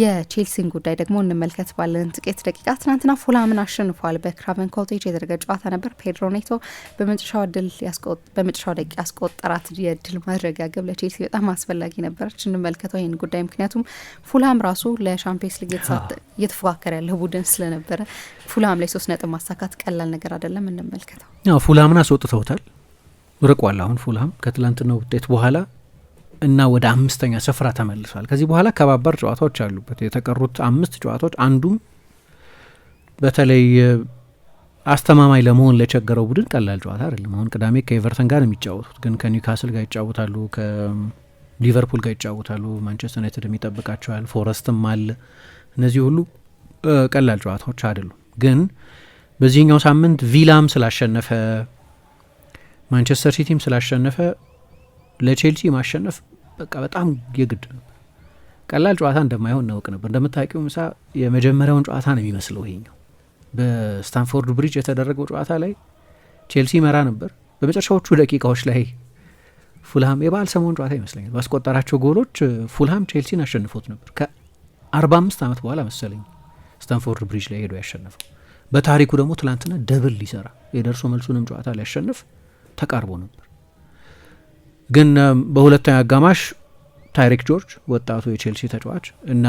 የቼልሲን ጉዳይ ደግሞ እንመልከት ባለን ጥቂት ደቂቃ። ትናንትና ፉላምን አሸንፏል። በክራቨን ኮቴጅ የተደረገ ጨዋታ ነበር። ፔድሮ ኔቶ በመጨረሻው ደቂቃ ያስቆጠራት የድል ማድረጊያ ግብ ለቼልሲ በጣም አስፈላጊ ነበረች። እንመልከተው ይህን ጉዳይ ምክንያቱም ፉላም ራሱ ለሻምፒየንስ ሊግ እየተፎካከረ ያለው ቡድን ስለነበረ ፉላም ላይ ሶስት ነጥብ ማሳካት ቀላል ነገር አይደለም። እንመልከተው። ፉላምን አስወጥተውታል፣ ርቋል። አሁን ፉላም ከትላንትናው ውጤት በኋላ እና ወደ አምስተኛ ስፍራ ተመልሷል። ከዚህ በኋላ ከባባር ጨዋታዎች አሉበት። የተቀሩት አምስት ጨዋታዎች አንዱም በተለይ አስተማማኝ ለመሆን ለቸገረው ቡድን ቀላል ጨዋታ አይደለም። አሁን ቅዳሜ ከኤቨርተን ጋር ነው የሚጫወቱት፣ ግን ከኒውካስል ጋር ይጫወታሉ፣ ከሊቨርፑል ጋር ይጫወታሉ፣ ማንቸስተር ዩናይትድ የሚጠብቃቸዋል፣ ፎረስትም አለ። እነዚህ ሁሉ ቀላል ጨዋታዎች አይደሉም። ግን በዚህኛው ሳምንት ቪላም ስላሸነፈ ማንቸስተር ሲቲም ስላሸነፈ ለቼልሲ ማሸነፍ በቃ በጣም የግድ ነበር። ቀላል ጨዋታ እንደማይሆን እናውቅ ነበር። እንደምታውቂው ምሳ የመጀመሪያውን ጨዋታ ነው የሚመስለው ይሄኛው። በስታንፎርድ ብሪጅ የተደረገው ጨዋታ ላይ ቼልሲ መራ ነበር። በመጨረሻዎቹ ደቂቃዎች ላይ ፉልሃም የበዓል ሰሞን ጨዋታ ይመስለኛል ባስቆጠራቸው ጎሎች ፉልሃም ቼልሲን አሸንፎት ነበር። ከ45 ዓመት በኋላ መሰለኝ ስታንፎርድ ብሪጅ ላይ ሄዶ ያሸነፈው። በታሪኩ ደግሞ ትላንትና ደብል ሊሰራ የደርሶ መልሱንም ጨዋታ ሊያሸንፍ ተቃርቦ ነበር። ግን በሁለተኛ አጋማሽ ታይሪክ ጆርጅ ወጣቱ የቼልሲ ተጫዋች እና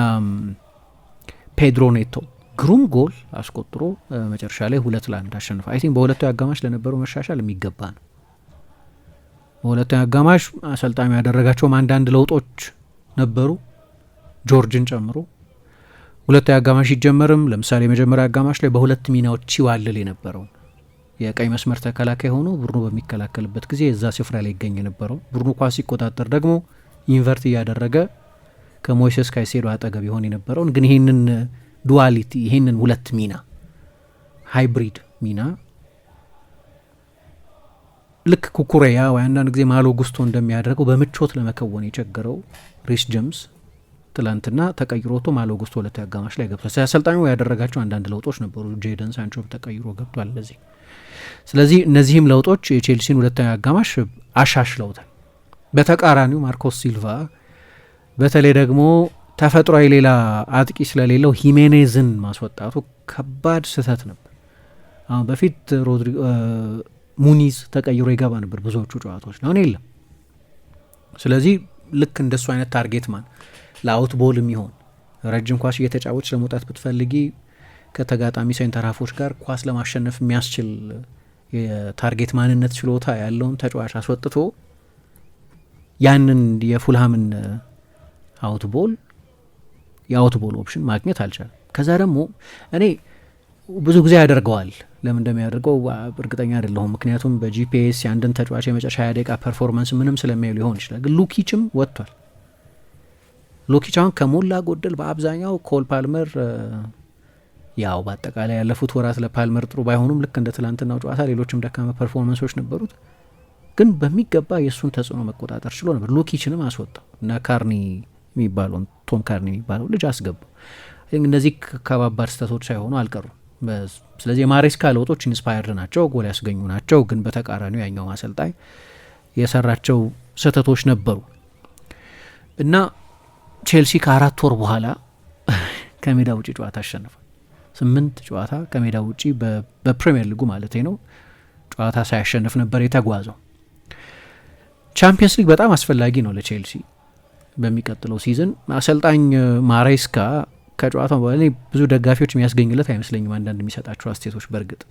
ፔድሮ ኔቶ ግሩም ጎል አስቆጥሮ መጨረሻ ላይ ሁለት ለአንድ አሸንፈ። አይ ቲንክ በሁለተኛው አጋማሽ ለነበረው መሻሻል የሚገባ ነው። በሁለተኛው አጋማሽ አሰልጣኙ ያደረጋቸውም አንዳንድ ለውጦች ነበሩ ጆርጅን ጨምሮ። ሁለተኛው አጋማሽ ይጀመርም ለምሳሌ የመጀመሪያ አጋማሽ ላይ በሁለት ሚናዎች ይዋልል የነበረው የቀይ መስመር ተከላካይ ሆኖ ቡድኑ በሚከላከልበት ጊዜ እዛ ስፍራ ላይ ይገኝ የነበረው ቡድኑ ኳስ ሲቆጣጠር ደግሞ ኢንቨርት እያደረገ ከሞይሴስ ካይሴዶ አጠገብ ይሆን የነበረውን ግን ይህንን ዱዋሊቲ ይህንን ሁለት ሚና ሃይብሪድ ሚና ልክ ኩኩሬያ ወይ አንዳንድ ጊዜ ማሎ ጉስቶ እንደሚያደርገው በምቾት ለመከወን የቸገረው ሪስ ጀምስ ትላንትና ተቀይሮ ቶም ሁለት አጋማሽ ላይ ገብቷል። አሰልጣኙ ያደረጋቸው አንዳንድ ለውጦች ነበሩ። ጄደን ሳንቾ ተቀይሮ ገብቷል። ለዚህ ስለዚህ እነዚህም ለውጦች የቼልሲን ሁለተኛ አጋማሽ አሻሽለውታል። በተቃራኒው ማርኮስ ሲልቫ በተለይ ደግሞ ተፈጥሯዊ ሌላ አጥቂ ስለሌለው ሂሜኔዝን ማስወጣቱ ከባድ ስህተት ነበር። አሁን በፊት ሙኒዝ ተቀይሮ ይገባ ነበር ብዙዎቹ ጨዋታዎች፣ አሁን የለም። ስለዚህ ልክ እንደሱ አይነት ታርጌት ማን ለአውት ቦል የሚሆን ረጅም ኳስ እየተጫወች ለመውጣት ብትፈልጊ ከተጋጣሚ ሴንተር ተራፎች ጋር ኳስ ለማሸነፍ የሚያስችል የታርጌት ማንነት ችሎታ ያለውን ተጫዋች አስወጥቶ ያንን የፉልሃምን አውትቦል የአውትቦል ኦፕሽን ማግኘት አልቻለም። ከዛ ደግሞ እኔ ብዙ ጊዜ ያደርገዋል፣ ለምን እንደሚያደርገው እርግጠኛ አይደለሁም። ምክንያቱም በጂፒኤስ የአንድን ተጫዋች የመጨረሻ ያደቃ ፐርፎርማንስ ምንም ስለሚያዩ ሊሆን ይችላል። ግን ሉኪችም ወጥቷል ሎኪች አሁን ከሞላ ጎደል በአብዛኛው ኮል ፓልመር ያው በአጠቃላይ ያለፉት ወራት ለፓልመር ጥሩ ባይሆኑም ልክ እንደ ትላንትናው ጨዋታ ሌሎችም ደካማ ፐርፎርመንሶች ነበሩት፣ ግን በሚገባ የእሱን ተጽዕኖ መቆጣጠር ችሎ ነበር። ሎኪችንም አስወጣው እና ካርኒ የሚባለውን ቶም ካርኒ የሚባለው ልጅ አስገባው። እነዚህ ከባባድ ስህተቶች ሳይሆኑ አልቀሩም። ስለዚህ የማሬስካ ለውጦች ኢንስፓየርድ ናቸው፣ ጎል ያስገኙ ናቸው። ግን በተቃራኒው ያኛው አሰልጣኝ የሰራቸው ስህተቶች ነበሩ እና ቼልሲ ከአራት ወር በኋላ ከሜዳ ውጭ ጨዋታ አሸንፏል። ስምንት ጨዋታ ከሜዳ ውጭ በፕሪምየር ሊጉ ማለት ነው ጨዋታ ሳያሸንፍ ነበር የተጓዘው። ቻምፒየንስ ሊግ በጣም አስፈላጊ ነው ለቼልሲ በሚቀጥለው ሲዝን። አሰልጣኝ ማሬስካ ከጨዋታው በኋላ ብዙ ደጋፊዎች የሚያስገኙለት አይመስለኝም። አንዳንድ የሚሰጣቸው አስተያየቶች በእርግጥ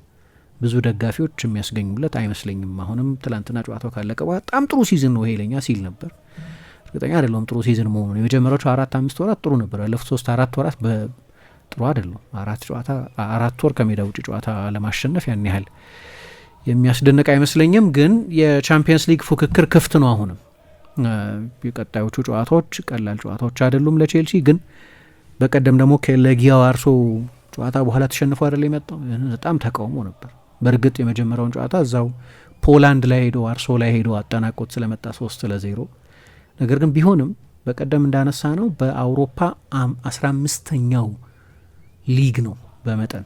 ብዙ ደጋፊዎች የሚያስገኙለት አይመስለኝም። አሁንም ትላንትና ጨዋታው ካለቀ በኋላ በጣም ጥሩ ሲዝን ነው ይሄ ለኛ ሲል ነበር። እርግጠኛ አይደለሁም ጥሩ ሲዝን መሆኑን። የመጀመሪያዎቹ አራት አምስት ወራት ጥሩ ነበር። ያለፉት ሶስት አራት ወራት ጥሩ አይደለም። አራት ጨዋታ አራት ወር ከሜዳ ውጭ ጨዋታ ለማሸነፍ ያን ያህል የሚያስደንቅ አይመስለኝም። ግን የቻምፒየንስ ሊግ ፉክክር ክፍት ነው። አሁንም የቀጣዮቹ ጨዋታዎች ቀላል ጨዋታዎች አይደሉም ለቼልሲ። ግን በቀደም ደግሞ ከለጊያው ጨዋታ በኋላ ተሸንፎ አይደል የመጣው። በጣም ተቃውሞ ነበር። በእርግጥ የመጀመሪያውን ጨዋታ እዛው ፖላንድ ላይ ሄዶ አርሶ ላይ ሄዶ አጠናቆት ስለመጣ ሶስት ለዜሮ ነገር ግን ቢሆንም በቀደም እንዳነሳ ነው በአውሮፓ አስራ አምስተኛው ሊግ ነው በመጠን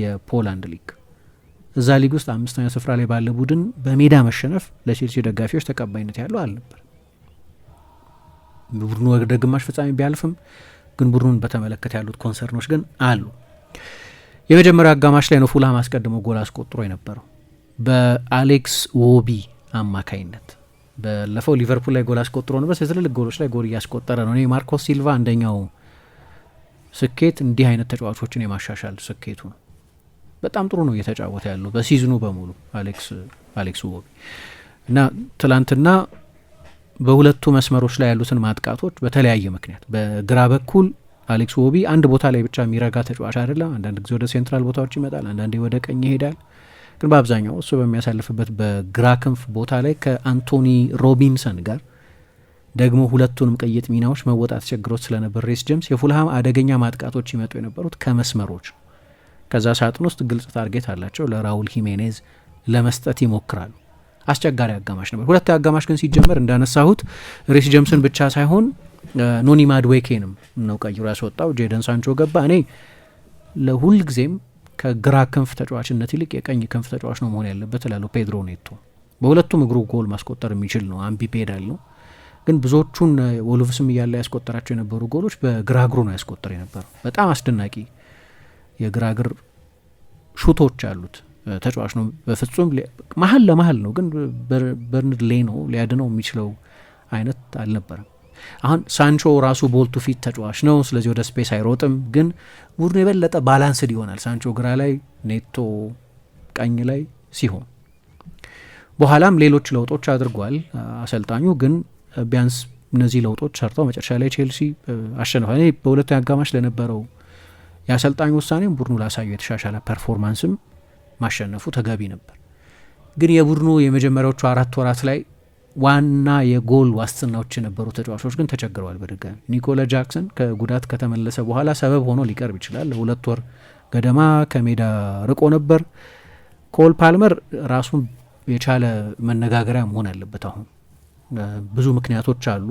የፖላንድ ሊግ። እዛ ሊግ ውስጥ አምስተኛው ስፍራ ላይ ባለ ቡድን በሜዳ መሸነፍ ለቼልሲ ደጋፊዎች ተቀባይነት ያለው አልነበር። ቡድኑ ወደ ግማሽ ፍጻሜ ቢያልፍም ግን ቡድኑን በተመለከተ ያሉት ኮንሰርኖች ግን አሉ። የመጀመሪያው አጋማሽ ላይ ነው ፉልሃም አስቀድሞ ጎል አስቆጥሮ የነበረው በአሌክስ ዎቢ አማካይነት ባለፈው ሊቨርፑል ላይ ጎል አስቆጥሮ ነበር። ትልልቅ ጎሎች ላይ ጎል እያስቆጠረ ነው። እኔ ማርኮስ ሲልቫ አንደኛው ስኬት እንዲህ አይነት ተጫዋቾችን የማሻሻል ስኬቱ ነው። በጣም ጥሩ ነው እየተጫወተ ያለው በሲዝኑ በሙሉ አሌክስ ቦቢ እና ትላንትና በሁለቱ መስመሮች ላይ ያሉትን ማጥቃቶች በተለያየ ምክንያት በግራ በኩል አሌክስ ቢ አንድ ቦታ ላይ ብቻ የሚረጋ ተጫዋች አይደለም። አንዳንድ ጊዜ ወደ ሴንትራል ቦታዎች ይመጣል፣ አንዳንዴ ወደ ቀኝ ይሄዳል። ግን በአብዛኛው እሱ በሚያሳልፍበት በግራ ክንፍ ቦታ ላይ ከአንቶኒ ሮቢንሰን ጋር ደግሞ ሁለቱንም ቅይጥ ሚናዎች መወጣት ቸግሮት ስለነበር ሬስ ጄምስ የፉልሃም አደገኛ ማጥቃቶች ይመጡ የነበሩት ከመስመሮች ነው። ከዛ ሳጥን ውስጥ ግልጽ ታርጌት አላቸው፣ ለራውል ሂሜኔዝ ለመስጠት ይሞክራሉ። አስቸጋሪ አጋማሽ ነበር። ሁለት አጋማሽ ግን ሲጀመር እንዳነሳሁት ሬስ ጄምስን ብቻ ሳይሆን ኖኒ ማድዌኬንም ነው ቀይሮ ያስወጣው። ጄደን ሳንቾ ገባ። እኔ ለሁልጊዜም ከግራ ክንፍ ተጫዋችነት ይልቅ የቀኝ ክንፍ ተጫዋች ነው መሆን ያለበት እላለሁ። ፔድሮ ኔቶ በሁለቱም እግሩ ጎል ማስቆጠር የሚችል ነው። አምቢ ፔዳል ነው። ግን ብዙዎቹን ወልቭስም እያለ ያስቆጠራቸው የነበሩ ጎሎች በግራ እግሩ ነው ያስቆጠር የነበረው። በጣም አስደናቂ የግራ እግር ሹቶች አሉት ተጫዋች ነው። በፍጹም መሀል ለመሀል ነው፣ ግን በርንድ ነው ሊያድነው የሚችለው አይነት አልነበረም። አሁን ሳንቾ ራሱ ቦልቱ ፊት ተጫዋች ነው። ስለዚህ ወደ ስፔስ አይሮጥም፣ ግን ቡድኑ የበለጠ ባላንስድ ይሆናል። ሳንቾ ግራ ላይ፣ ኔቶ ቀኝ ላይ ሲሆን በኋላም ሌሎች ለውጦች አድርጓል አሰልጣኙ። ግን ቢያንስ እነዚህ ለውጦች ሰርተው መጨረሻ ላይ ቼልሲ አሸንፏል። እኔ በሁለቱ አጋማሽ ለነበረው የአሰልጣኙ ውሳኔም ቡድኑ ላሳዩ የተሻሻለ ፐርፎርማንስም ማሸነፉ ተገቢ ነበር። ግን የቡድኑ የመጀመሪያዎቹ አራት ወራት ላይ ዋና የጎል ዋስትናዎች የነበሩ ተጫዋቾች ግን ተቸግረዋል። በድጋሚ ኒኮላ ጃክሰን ከጉዳት ከተመለሰ በኋላ ሰበብ ሆኖ ሊቀርብ ይችላል። ለሁለት ወር ገደማ ከሜዳ ርቆ ነበር። ኮል ፓልመር ራሱን የቻለ መነጋገሪያ መሆን አለበት። አሁን ብዙ ምክንያቶች አሉ።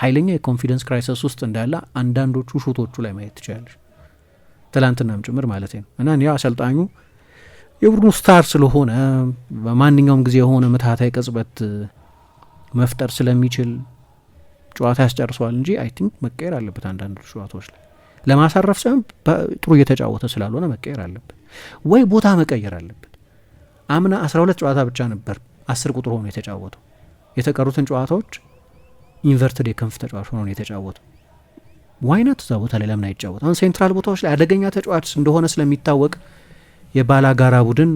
ኃይለኛ የኮንፊደንስ ክራይሰስ ውስጥ እንዳለ አንዳንዶቹ ሹቶቹ ላይ ማየት ትችላለች፣ ትላንትናም ጭምር ማለት ነው እና ያ አሰልጣኙ የቡድኑ ስታር ስለሆነ በማንኛውም ጊዜ የሆነ ምትሃታዊ ቅጽበት መፍጠር ስለሚችል ጨዋታ ያስጨርሰዋል እንጂ አይ ቲንክ መቀየር አለበት። አንዳንድ ጨዋታዎች ላይ ለማሳረፍ ሳይሆን ጥሩ እየተጫወተ ስላልሆነ መቀየር አለበት፣ ወይ ቦታ መቀየር አለበት። አምና አስራ ሁለት ጨዋታ ብቻ ነበር አስር ቁጥር ሆኖ የተጫወተው። የተቀሩትን ጨዋታዎች ኢንቨርትድ የክንፍ ተጫዋች ሆኖ የተጫወተው። ዋይናት እዛ ቦታ ላይ ለምን አይጫወት? አሁን ሴንትራል ቦታዎች ላይ አደገኛ ተጫዋች እንደሆነ ስለሚታወቅ የባላጋራ ቡድን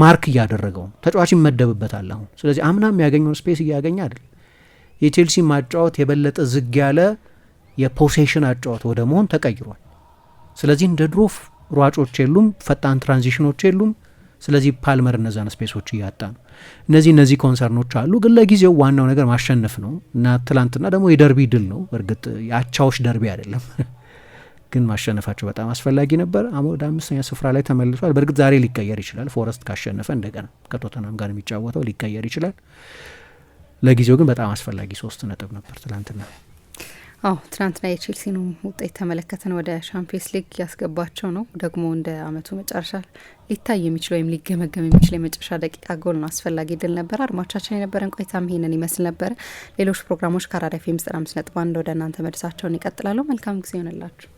ማርክ እያደረገው ነው። ተጫዋች ይመደብበታል አሁን። ስለዚህ አምና ያገኘውን ስፔስ እያገኘ አይደለም። የቼልሲ ማጫወት የበለጠ ዝግ ያለ የፖሴሽን አጫወት ወደ መሆን ተቀይሯል። ስለዚህ እንደ ድሮፍ ሯጮች የሉም፣ ፈጣን ትራንዚሽኖች የሉም። ስለዚህ ፓልመር እነዛን ስፔሶች እያጣ ነው። እነዚህ እነዚህ ኮንሰርኖች አሉ፣ ግን ለጊዜው ዋናው ነገር ማሸነፍ ነው እና ትላንትና ደግሞ የደርቢ ድል ነው። እርግጥ የአቻዎች ደርቢ አይደለም። ግን ማሸነፋቸው በጣም አስፈላጊ ነበር። ወደ አምስተኛ ስፍራ ላይ ተመልሷል። በእርግጥ ዛሬ ሊቀየር ይችላል። ፎረስት ካሸነፈ እንደገና ከቶተናም ጋር የሚጫወተው ሊቀየር ይችላል። ለጊዜው ግን በጣም አስፈላጊ ሶስት ነጥብ ነበር ትላንትና። አዎ ትናንትና የቼልሲን ውጤት ተመለከተን። ወደ ሻምፒየንስ ሊግ ያስገባቸው ነው ደግሞ እንደ አመቱ መጨረሻ ሊታይ የሚችል ወይም ሊገመገም የሚችል የመጨረሻ ደቂቃ ጎል ነው። አስፈላጊ ድል ነበር። አድማቻችን የነበረን ቆይታም ይሄንን ይመስል ነበረ። ሌሎች ፕሮግራሞች ከአራዳ ኤፍ ኤም ዘጠና አምስት ነጥብ አንድ ወደ እናንተ መድሳቸውን ይቀጥላሉ። መልካም ጊዜ ይሆንላችሁ።